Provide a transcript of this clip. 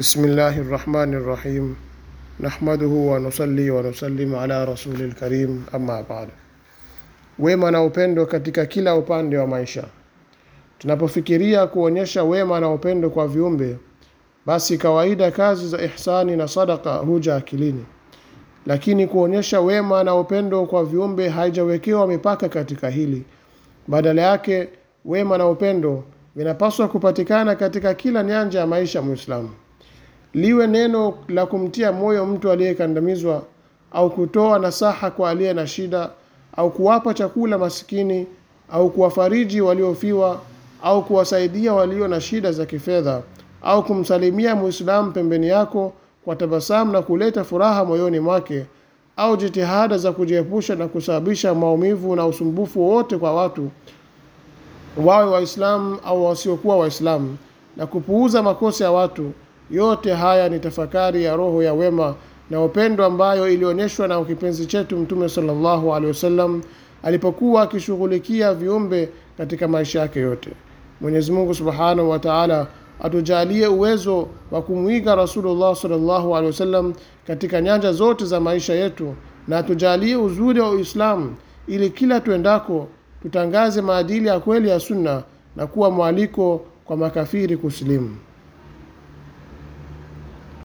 بسم الله الرحمن الرحيم نحمده ونصلي ونسلم ala rasuli lkarim amma baad. Wema na upendo katika kila upande wa maisha. Tunapofikiria kuonyesha wema na upendo kwa viumbe, basi kawaida kazi za ihsani na sadaka huja akilini, lakini kuonyesha wema na upendo kwa viumbe haijawekewa mipaka katika hili. Badala yake, wema na upendo vinapaswa kupatikana katika kila nyanja ya maisha Muislamu liwe neno la kumtia moyo mtu aliyekandamizwa au kutoa nasaha kwa aliye na shida au kuwapa chakula masikini au kuwafariji waliofiwa au kuwasaidia walio na shida za kifedha au kumsalimia Muislamu pembeni yako kwa tabasamu na kuleta furaha moyoni mwake au jitihada za kujiepusha na kusababisha maumivu na usumbufu wowote kwa watu wawe Waislamu au wasiokuwa Waislamu na kupuuza makosa ya watu yote haya ni tafakari ya roho ya wema na upendo ambayo ilionyeshwa na kipenzi chetu Mtume sallallahu alaihi wasallam alipokuwa akishughulikia viumbe katika maisha yake yote. Mwenyezi Mungu subhanahu wa taala atujalie uwezo wa kumwiga Rasulullah sallallahu alaihi wasallam katika nyanja zote za maisha yetu, na atujalie uzuri wa Uislamu ili kila tuendako tutangaze maadili ya kweli ya Sunna na kuwa mwaliko kwa makafiri kusilimu.